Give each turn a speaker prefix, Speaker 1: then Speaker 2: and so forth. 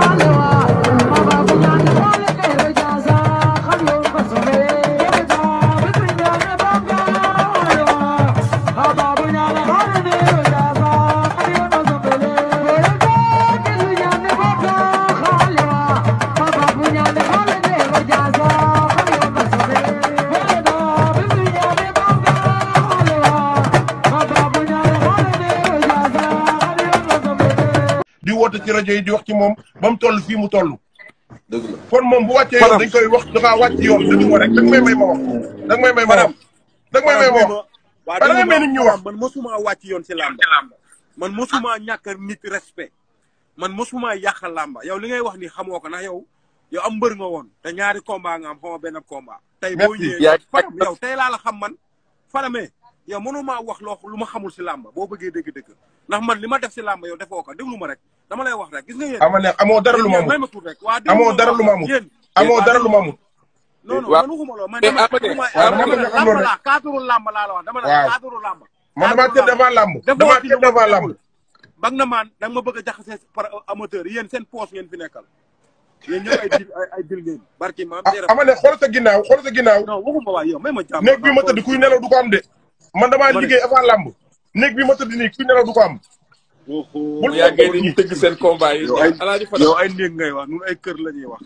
Speaker 1: I'm know. wote ci radio yi di wax ci mom bam tollu fi mu tollu kon mom bu wacce yow dañ koy wax dafa wàcc yoon dañ ko rek da
Speaker 2: may may ma wax. da may may ma wax da may may ma wax. waaw da may nit ñu wax man musuma wàcc yoon ci làmba. man musuma ñak nit respect. man musuma yak lamba yow li ngay wax ni xamoko na yow yow am mbeur nga won te ñaari combat nga am xaw ben combat. tay bo ñëwee faram yow tay la la xam man fa la me yow mënuma wax lo lu ma xamul ci lamba bo bëgge deug deug ndax man lima def ci lamba yow defoko degluma rek dama lay wax rek gis nga yéen. ama ne amoo dara lu ma amul amoo dara lu ma amul amoo dara lu ma amul. non non man waxuma loolu man dama làmb laa kaaturu làmb laa la wax dama la kaaturu làmb. man damaa tëdd avant làmb damaa na maan da ma bëgg a jaxase par amateur yéen seen poche ngeen fi nekkal. yéen ñëpp ay dil ay dil a barki maam ama ne xool sa ginnaaw xool sa
Speaker 1: ginnaaw. non waxuma waay yow may ma bi ma kuy nelaw du de. man damaa liggéey avant làmb. néeg bi ma tëdd nii kuy nelaw du am
Speaker 2: bu yàggee dañuy tëgg seen combat yi. yow ay yow ay néeg ngay wax ñun ay kër la ñuy wax.